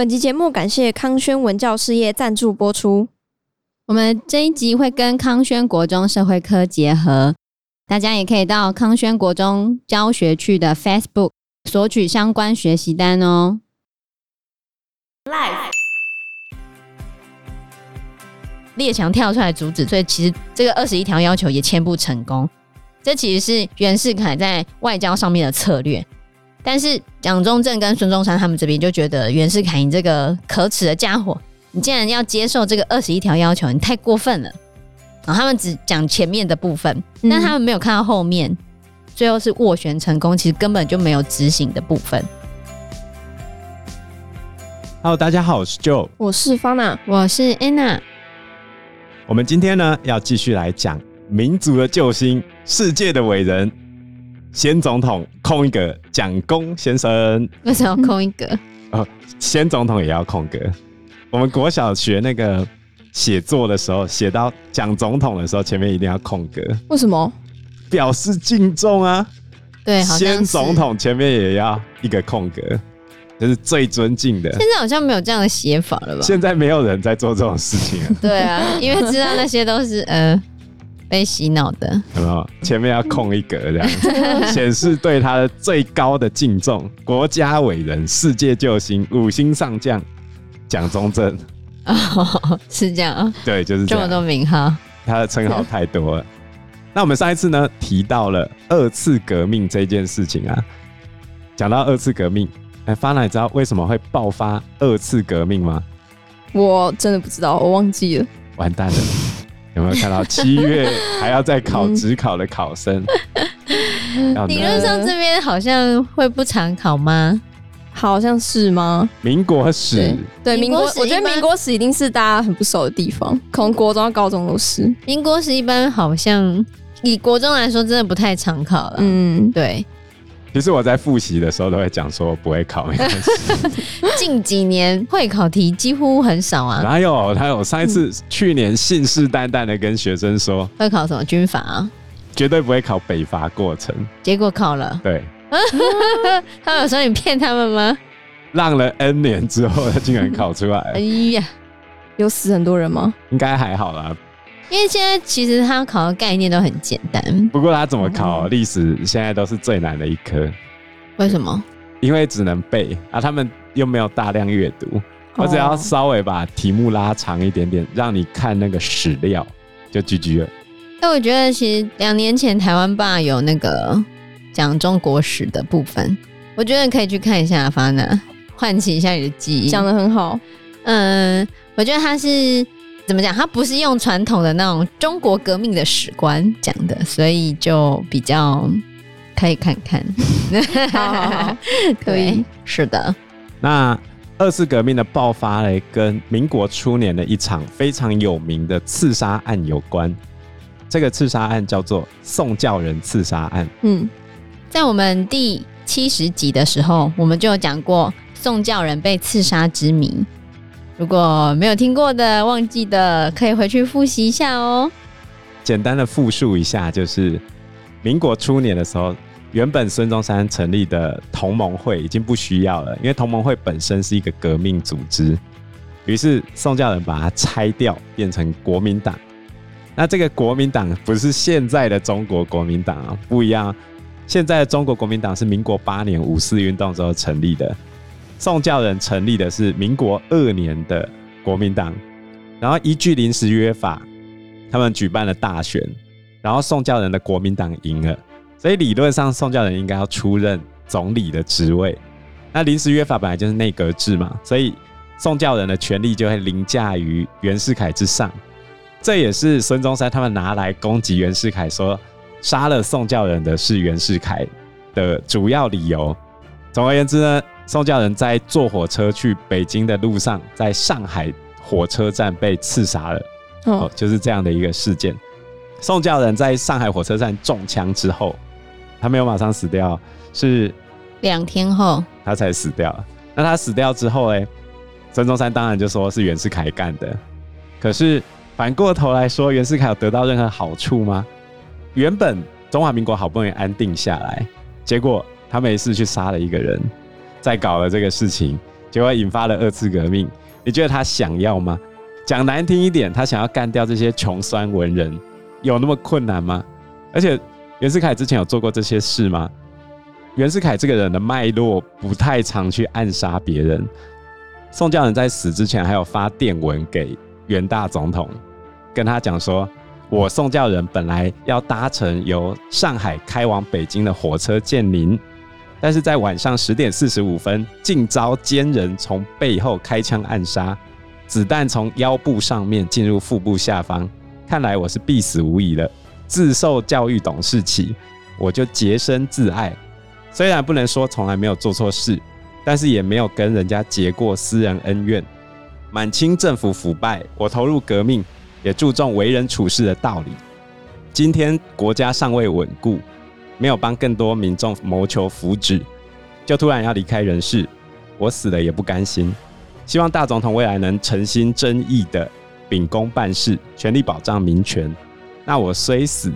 本集節目感謝康軒文教事業贊助播出。我們這一集會跟康軒國中社會科結合，大家也可以到康軒國中教學區的 Facebook 索取相關學習單哦。列強跳出來阻止，所以其實這個二十一條要求也簽不成功。這其實是袁世凱在外交上面的策略。但是蔣中正跟孫中山他們這邊就覺得袁世凱，你這個可恥的家伙，你竟然要接受這個二十一條要求，你太過分了。然、哦、後他們只講前面的部分，但他們沒有看到後面，嗯、最後是斡旋成功，其實根本就沒有執行的部分。Hello，大家好，我是 Joe，我是方娜，我是 Anna。我們今天呢要繼續來講民族的救星，世界的偉人，先總統。空一格，蔣公先生為什麼要空一格？哦、嗯，先總統也要空格。我們國小學那個寫作的時候，寫到蔣總統的時候，前面一定要空格。為什麼？表示敬重啊。對，好先總統前面也要一個空格，這、就是最尊敬的。現在好像沒有這樣的寫法了吧？現在沒有人在做這種事情了 對啊，因為知道那些都是嗯。呃被洗腦的有沒有？前面要空一格，這樣顯 示對他的最高的敬重。國家偉人，世界救星，五星上將，蔣中正。Oh, 是這樣啊，對，就是這樣，這麼多名號，他的稱號太多了。 那我們上一次呢，提到了二次革命這件事情啊，講到二次革命，哎、欸，Fana，你知道為什麼會爆發二次革命嗎？我真的不知道，我忘記了，完蛋了。有沒有看到七月還要再考指考的考生， 嗯？理論上這邊好像會不常考嗎、嗯？好像是嗎？民國史對，對民國史，我覺得民國史一定是大家很不熟的地方，可、嗯、能國中、高中都是民國史，一般好像以國中來說，真的不太常考了。嗯，對。其實我在複習的時候都會講說不會考，沒關係。 近幾年 會考題幾乎很少啊，哪有，他有上一次去年信誓旦旦的跟學生說會考什麼軍閥啊，絕對不會考北伐過程，結果考了。對， 他有說你騙他們嗎？讓了 N 年之後，他竟然考出來。 哎呀，有死很多人嗎？應該還好啦。因為現在其實他考的概念都很簡單，不過他怎麼考歷史，現在都是最難的一科。為什麼？因為只能背啊，他們又沒有大量閱讀。哦、我只要稍微把題目拉長一點點，讓你看那個史料，就 GG 了。但我覺得其實兩年前台灣吧有那個講中國史的部分，我覺得你可以去看一下，Fana，喚起一下你的記憶，講的很好。嗯，我覺得他是。怎麼講？它不是用傳統的那種中國革命的史觀講的，所以就比較可以看看。 好好好 可以，對，是的。那二次革命的爆發嘞，跟民國初年的一場非常有名的刺殺案有關。這個刺殺案叫做宋教仁刺殺案。嗯，在我們第七十集的時候，我們就有講過宋教仁被刺殺之謎。如果沒有聽過的、忘記的，可以回去複習一下哦。簡單的複述一下，就是民國初年的時候，原本孫中山成立的同盟會已經不需要了，因為同盟會本身是一個革命組織，於是宋教仁把它拆掉，變成國民黨。那這個國民黨不是現在的中國國民黨啊，不一樣。現在的中國國民黨是民國八年五四運動之後成立的。宋教仁成立的是民國二年的國民黨，然後依據臨時約法，他們舉辦了大選，然後宋教仁的國民黨贏了，所以理論上宋教仁應該要出任總理的職位。那臨時約法本來就是內閣制嘛，所以宋教仁的權力就會凌駕於袁世凱之上。這也是孫中山他們拿來攻擊袁世凱，說殺了宋教仁的是袁世凱的主要理由。總而言之呢，宋教仁在坐火車去北京的路上，在上海火車站被刺殺了。Oh. 哦，就是這樣的一個事件。宋教仁在上海火車站中槍之後，他沒有馬上死掉，是兩天後他才死掉。那他死掉之後呢？孫中山當然就說是袁世凱幹的。可是反過頭來說，袁世凱有得到任何好處嗎？原本中華民國好不容易安定下來，結果他沒事去殺了一個人。在搞了這個事情，結果引發了二次革命。你覺得他想要嗎？講難聽一點，他想要幹掉這些窮酸文人，有那麼困難嗎？而且袁世凱之前有做過這些事嗎？袁世凱這個人的脈絡不太常去暗殺別人。宋教仁在死之前還有發電文給袁大總統，跟他講說：“我宋教仁本來要搭乘由上海開往北京的火車見您。”但是在晚上十點四十五分，竟遭奸人從背後開槍暗殺，子彈從腰部上面進入腹部下方，看來我是必死無疑了。自受教育懂事起，我就潔身自愛，雖然不能說從來沒有做錯事，但是也沒有跟人家結過私人恩怨。滿清政府腐敗，我投入革命，也注重為人處事的道理。今天國家尚未穩固。沒有幫更多民眾謀求福祉，就突然要離開人世。我死了也不甘心，希望大總統未來能誠心真意的秉公辦事，全力保障民權。那我雖死，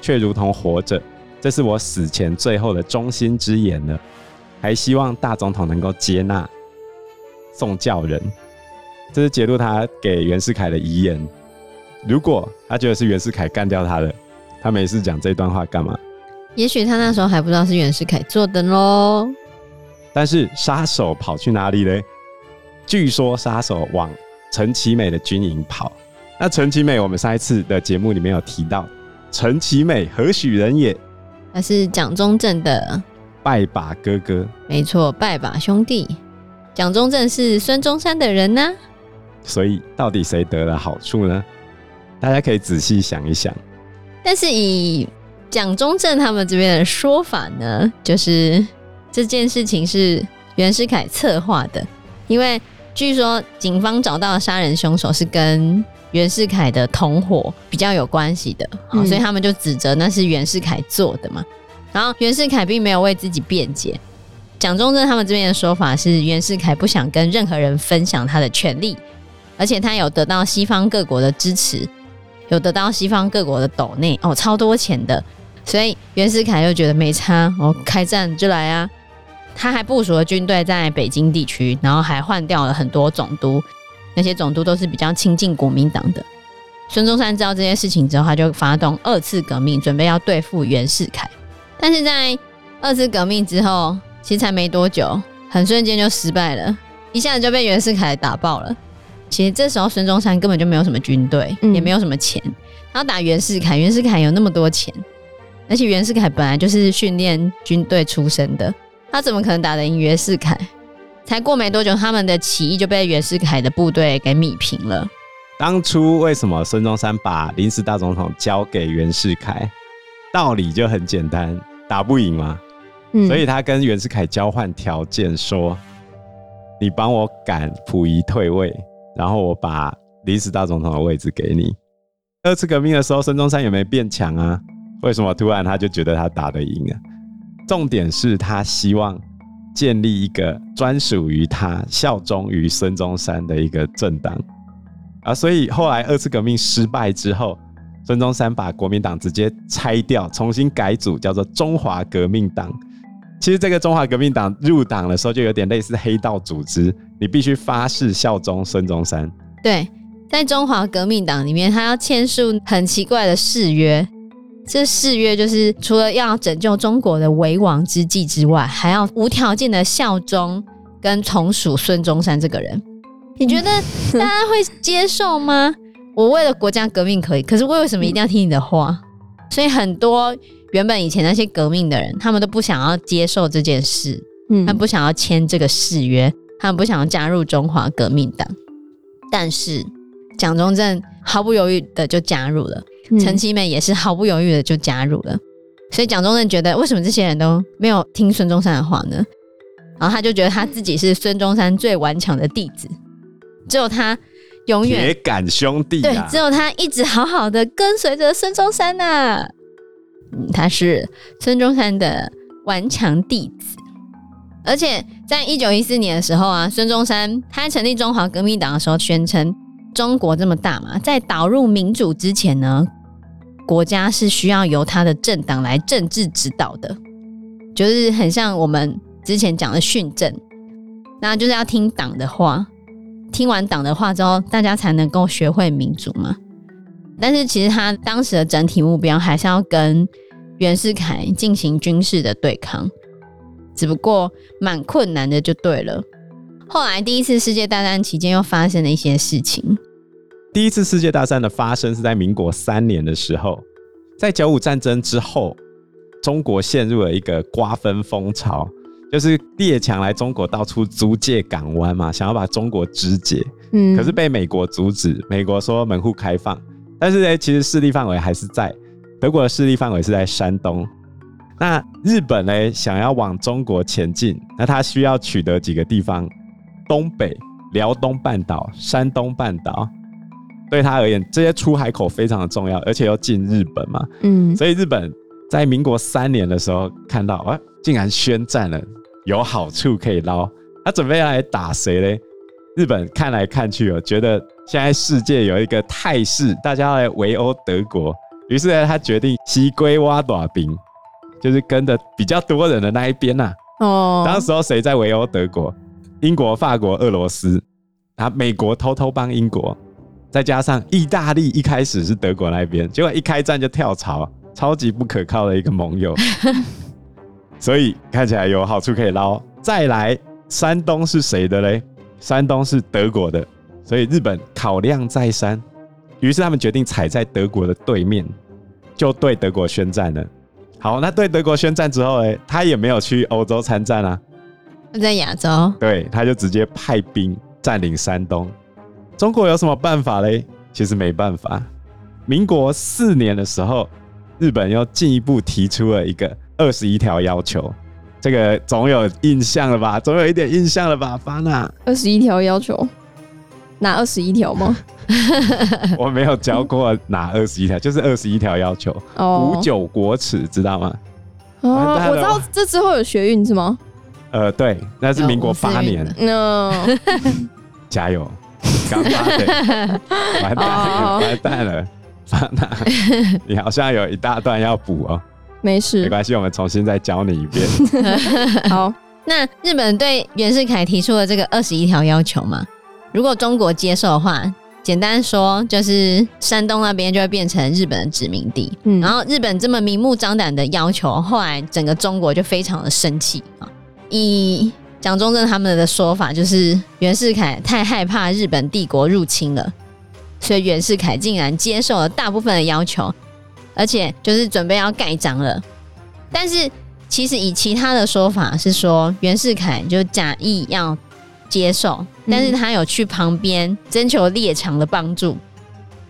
卻如同活着，這是我死前最後的忠心之言了。還希望大總統能夠接納宋教仁。這是揭露他給袁世凱的遺言。如果他覺得是袁世凱幹掉他的，他沒事講這段話幹嘛？也許他那時候還不知道是袁世凱做的嘍。但是殺手跑去哪裡嘞？據說殺手往陳其美的軍營跑。那陳其美，我們上一次的節目裡面有提到，陳其美何許人也？他是蔣中正的拜把哥哥。沒錯，拜把兄弟。蔣中正是孫中山的人呢、啊。所以到底誰得了好處呢？大家可以仔細想一想。但是以蔣中正他們這邊的說法呢，就是這件事情是袁世凱策劃的，因為據說警方找到殺人凶手是跟袁世凱的同夥比較有關係的，嗯。哦，所以他們就指責那是袁世凱做的嘛。然後袁世凱並沒有為自己辯解。蔣中正他們這邊的說法是袁世凱不想跟任何人分享他的權力，而且他有得到西方各國的支持，有得到西方各國的抖內哦，超多錢的。所以袁世凱又覺得沒差，我、哦、開戰就來啊！他還部署了軍隊在北京地區，然後還換掉了很多總督，那些總督都是比較親近國民黨的。孫中山知道這件事情之後，他就發動二次革命，準備要對付袁世凱。但是在二次革命之後，其實才沒多久，很瞬間就失敗了，一下子就被袁世凱打爆了。其實這時候孫中山根本就沒有什麼軍隊、嗯，也沒有什麼錢，他要打袁世凱，袁世凱有那麼多錢。而且袁世凱本來就是訓練軍隊出身的，他怎麼可能打得贏袁世凱？才過沒多久，他們的起義就被袁世凱的部隊給密平了。當初為什麼孫中山把臨時大總統交給袁世凱？道理就很簡單，打不贏嘛、嗯。所以他跟袁世凱交換條件說，說你幫我趕溥儀退位，然後我把臨時大總統的位置給你。二次革命的時候，孫中山有沒有變強啊？為什麼突然他就覺得他打得贏啊？重點是他希望建立一個專屬於他，效忠於孫中山的一個政黨啊。所以後來二次革命失敗之後，孫中山把國民黨直接拆掉，重新改組，叫做中華革命黨。其實這個中華革命黨入黨的時候就有點類似黑道組織，你必須發誓效忠孫中山。對，在中華革命黨裡面，他要簽署很奇怪的誓約。這誓約就是除了要拯救中國的危亡之際之外，還要無條件的效忠跟從屬孫中山這個人。嗯、你覺得大家會接受嗎？ 我為了國家革命可以，可是我為什麼一定要聽你的話、嗯？所以很多原本以前那些革命的人，他們都不想要接受這件事，嗯，他們不想要簽這個誓約，他們不想要加入中華革命黨。但是蔣中正毫不猶豫的就加入了。陳其美也是毫不猶豫的就加入了，所以蔣中正覺得為什麼這些人都沒有聽孫中山的話呢？然後他就覺得他自己是孫中山最頑強的弟子，只有他永遠鐵桿兄弟、啊，對，只有他一直好好的跟隨着孫中山啊，他是孫中山的頑強弟子。而且在一九一四年的時候啊，孫中山他成立中華革命黨的時候宣稱。中國這麼大嘛，在導入民主之前呢，國家是需要由他的政黨來政治指導的，就是很像我們之前講的訓政，那就是要聽黨的話，聽完黨的話之後，大家才能夠學會民主嘛。但是其實他當時的整體目標還是要跟袁世凱進行軍事的對抗，只不過蠻困難的，就對了。後來，第一次世界大戰期間又發生了一些事情。第一次世界大戰的發生是在民國三年的時候，在甲午戰爭之後，中國陷入了一個瓜分風潮，就是列強來中國到處租借港灣嘛，想要把中國肢解。嗯，可是被美國阻止，美國說門戶開放，但是呢，其實勢力範圍還是在德國的勢力範圍是在山東。那日本呢，想要往中國前進，那他需要取得幾個地方。東北、遼東半島、山東半島，對他而言，這些出海口非常的重要，而且要進日本嘛，嗯，所以日本在民國三年的時候看到，啊，竟然宣戰了，有好處可以撈，他準備要來打誰嘞？日本看來看去哦，覺得現在世界有一個態勢，大家要來圍毆德國，於是呢，他決定西瓜偎大邊，就是跟着比較多人的那一邊呐、啊。哦，當時候誰在圍毆德國？英國、法國、俄羅斯，啊，美國偷偷幫英國，再加上意大利，一開始是德國那邊，結果一開戰就跳槽，超級不可靠的一個盟友。 所以看起來有好處可以撈。再來，山東是誰的嘞？山東是德國的，所以日本考量再三，於是他們決定踩在德國的對面，就對德國宣戰了。好，那對德國宣戰之後，誒，他也沒有去歐洲參戰啊。在亞洲，對，他就直接派兵占領山東。中國有什麼辦法嘞？其實沒辦法。民國四年的時候，日本又進一步提出了一個二十一條要求，這個總有印象了吧？總有一點印象了吧，Fana？二十一條要求，拿二十一條嗎？ 我沒有教過拿二十一條，就是二十一條要求。五九國恥，知道嗎？哦，我知道這之後有學運是嗎？呃，對，那是民國八年。no， 加油，剛 八歲，完蛋，完蛋了，你好像有一大段要補哦。沒事，沒關係，我們重新再教你一遍。 好，那日本對袁世凱提出了這個二十一條要求嘛？如果中國接受的話，簡單說就是山東那邊就會變成日本的殖民地。嗯、然後日本這麼明目張膽的要求，後來整個中國就非常的生氣啊。以蔣中正他們的說法，就是袁世凱太害怕日本帝國入侵了，所以袁世凱竟然接受了大部分的要求，而且就是準備要蓋章了。但是其實以其他的說法是說，袁世凱就假意要接受，但是他有去旁邊徵求列強的幫助。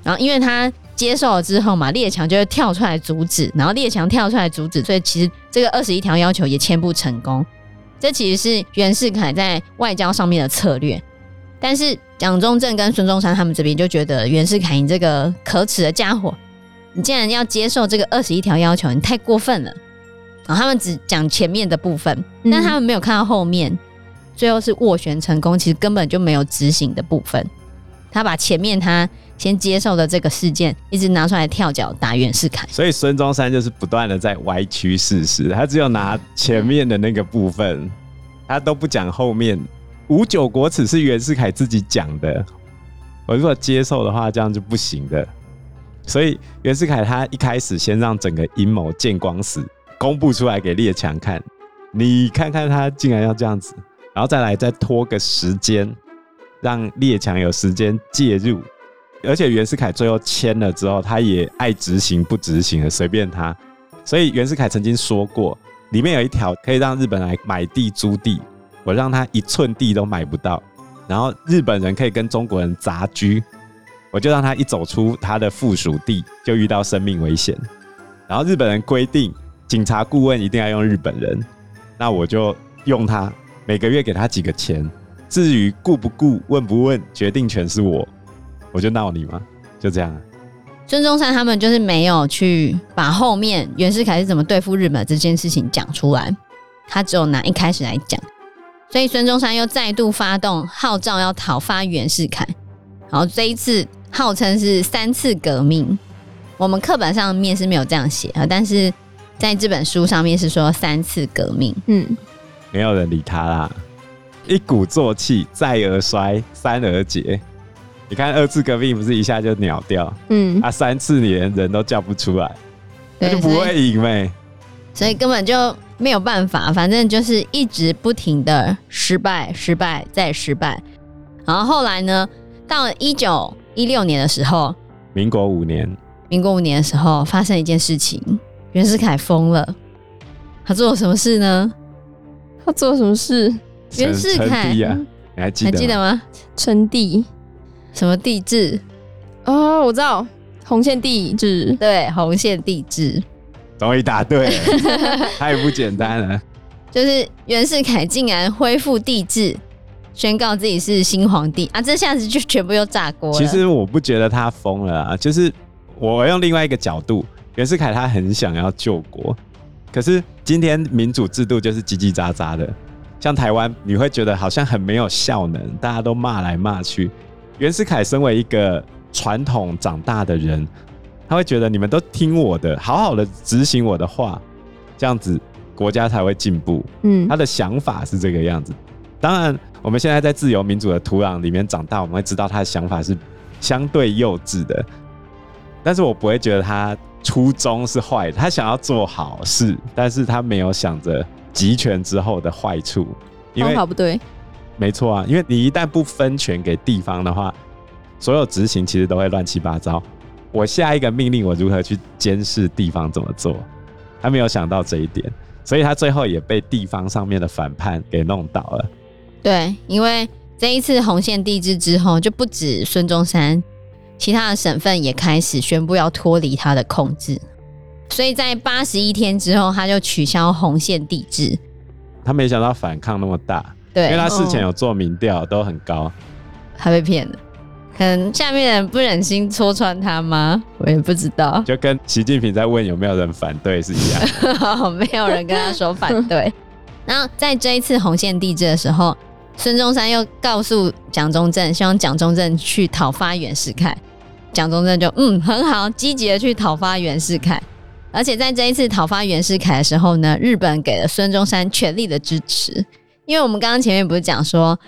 然後因為他接受了之後嘛，列強就會跳出來阻止，然後列強跳出來阻止，所以其實這個二十一條要求也簽不成功。這其實是袁世凱在外交上面的策略，但是蔣中正跟孫中山他們這邊就覺得袁世凱你這個可恥的家伙，你竟然要接受這個二十一條要求，你太過分了。然後、哦、他們只講前面的部分，但他們沒有看到後面，最後是斡旋成功，其實根本就沒有執行的部分。他把前面他。先接受的這個事件，一直拿出來跳腳打袁世凱，所以孫中山就是不斷的在歪曲事實，他只有拿前面的那個部分，他都不講後面。五九國恥是袁世凱自己講的，我如果接受的話，這樣就不行的。所以袁世凱他一開始先讓整個陰謀見光死，公布出來給列強看，你看看他竟然要這樣子，然後再來再拖個時間，讓列強有時間介入。而且袁世凱最後簽了之後，他也愛執行不執行的隨便他。所以袁世凱曾經說過，裡面有一條可以讓日本人來買地租地，我讓他一寸地都買不到。然後日本人可以跟中國人雜居，我就讓他一走出他的附屬地就遇到生命危險。然後日本人規定警察顧問一定要用日本人，那我就用他，每個月給他幾個錢。至於顧不顧、問不問，決定權是我。我就鬧你嗎？就這樣了。孫中山他們就是沒有去把後面袁世凱是怎麼對付日本這件事情講出來，他只有拿一開始來講。所以孫中山又再度發動號召要討伐袁世凱，然後這一次號稱是三次革命。我們課本上面是沒有這樣寫啊，但是在這本書上面是說三次革命。嗯，沒有人理他啦。一鼓作氣，再而衰，三而竭。你看，二次革命不是一下就秒掉？嗯，啊，三次你連人都叫不出來，他就不會贏唄，欸。所以根本就沒有辦法，反正就是一直不停的失敗、失敗再失敗。然後後來呢，到一九一六年的時候，民國五年，民國五年的時候發生一件事情，袁世凱瘋了。他做了什麼事呢？他做了什麼事？袁世凱、啊、你還記得嗎？稱帝。什麼帝制？哦，我知道，洪憲帝制。對，洪憲帝制。終於答對了， 太不簡單了。就是袁世凱竟然恢復帝制，宣告自己是新皇帝啊！這下子就全部又炸鍋了。其實我不覺得他瘋了啊，就是我用另外一個角度，袁世凱他很想要救國，可是今天民主制度就是嘰嘰喳喳的，像台灣，你會覺得好像很沒有效能，大家都罵來罵去。袁世凱身為一個傳統長大的人，他會覺得你們都聽我的，好好的執行我的話，這樣子國家才會進步。嗯，他的想法是這個樣子。當然，我們現在在自由民主的土壤裡面長大，我們會知道他的想法是相對幼稚的。但是我不會覺得他初衷是壞的，他想要做好事，但是他沒有想着集權之後的壞處，因為。不對。沒錯啊，因為你一旦不分權給地方的話，所有執行其實都會亂七八糟。我下一個命令，我如何去監視地方怎麼做？他沒有想到這一點，所以他最後也被地方上面的反叛給弄倒了。對，因為這一次洪憲帝制之後，就不止孫中山，其他的省份也開始宣布要脫離他的控制。所以在八十一天之後，他就取消洪憲帝制。他沒想到反抗那麼大。對，因為他事前有做民調、哦，都很高，他被騙了，可能下面人不忍心戳穿他嗎？我也不知道。就跟習近平在問有沒有人反對是一樣的、 哦，沒有人跟他說反對。 然後在這一次洪憲帝制的時候，孫中山又告訴蔣中正，希望蔣中正去討伐袁世凱。蔣中正就嗯，很好，積極的去討伐袁世凱。而且在這一次討伐袁世凱的時候呢，日本給了孫中山全力的支持。因為我們剛剛前面不是講說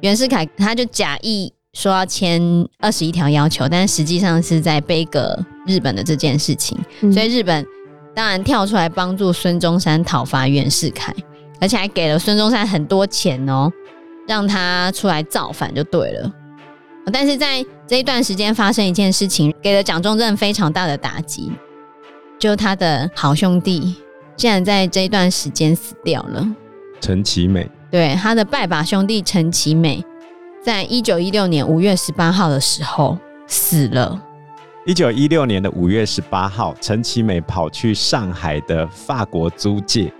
袁世凱，他就假意說要簽二十一條要求，但實際上是在杯葛日本的這件事情、嗯，所以日本當然跳出來幫助孫中山討伐袁世凱，而且還給了孫中山很多錢哦、喔，讓他出來造反就對了。但是在這一段時間發生一件事情，給了蔣中正非常大的打擊，就他的好兄弟竟然在這一段時間死掉了，陳其美。對，他的拜把兄弟陳其美，在一九一六年五月十八號的時候死了。一九一六年的五月十八號，陳其美跑去上海的法國租界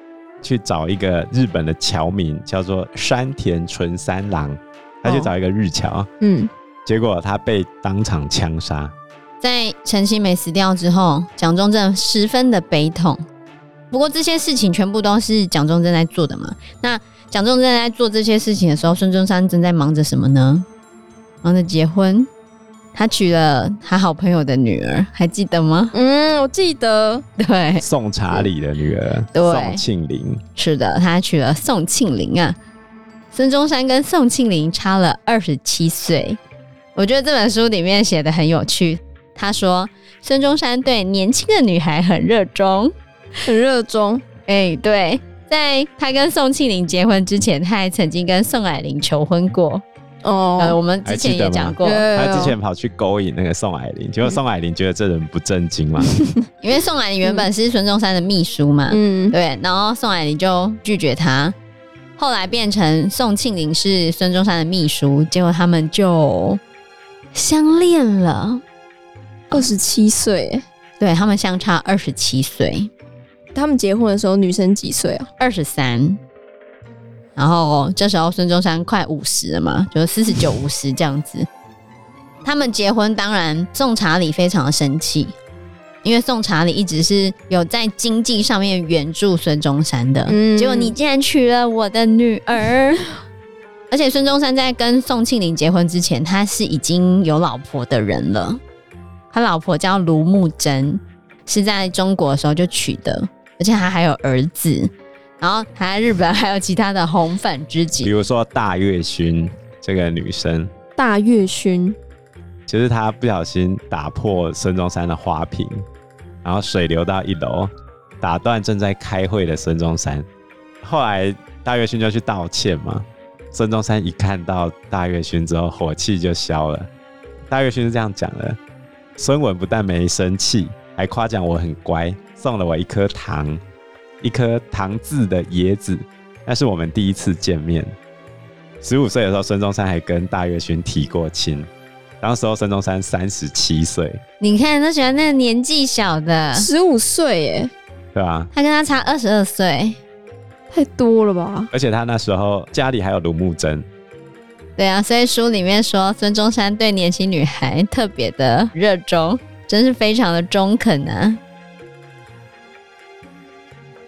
去找一個日本的僑民，叫做山田純三郎，他去找一個日僑。哦、嗯，結果他被當場槍殺。在陳其美死掉之後，蔣中正十分的悲痛。不過這些事情全部都是蔣中正在做的嘛？那。蔣中正在做這些事情的時候，孫中山正在忙着什麼呢？忙着結婚。他娶了他好朋友的女兒，還記得嗎？嗯，我記得。對，宋查理的女兒，對對宋慶齡。是的，他娶了宋慶齡啊。孫中山跟宋慶齡差了二十七歲。我覺得這本書裡面寫得很有趣。他說，孫中山對年輕的女孩很熱衷，很熱衷。哎、 欸，對。在他跟宋慶齡結婚之前，他還曾經跟宋靄齡求婚過。哦，呃、我們之前也講過，他之前跑去勾引那個宋靄齡，嗯，結果宋靄齡覺得這人不正經嘛。 因為宋靄齡原本是孫中山的秘書嘛，嗯，對。然後宋靄齡就拒絕他。後來變成宋慶齡是孫中山的秘書，結果他們就相戀了。二十七歲，對，他們相差二十七歲。他們結婚的時候，女生幾歲啊？二十三。然後這時候孫中山快五十了嘛，就是四十九五十這樣子。他們結婚，當然宋查理非常的生氣，因為宋查理一直是有在經濟上面援助孫中山的，嗯。結果你竟然娶了我的女兒！ 而且孫中山在跟宋慶齡結婚之前，他是已經有老婆的人了。他老婆叫盧慕貞，是在中國的時候就娶的。而且他還有兒子，然後還在日本，還有其他的紅粉知己，比如說大月薰這個女生。大月薰就是他不小心打破孫中山的花瓶，然後水流到一樓，打斷正在開會的孫中山。後來大月薰就去道歉嘛，孫中山一看到大月薰之後，火氣就消了。大月薰是這樣講的：“孫文不但沒生氣，還誇獎我很乖。”送了我一顆糖，一顆糖漬的椰子。那是我們第一次見面。十五歲的時候，孫中山還跟大月薰提過親。當時孫中山三十七歲。你看，他喜歡那個年紀小的，十五歲，哎，對吧？他跟他差二十二歲，太多了吧？而且他那時候家裡還有盧慕貞。對啊，所以書裡面說孫中山對年輕女孩特別的熱衷，真是非常的中肯啊。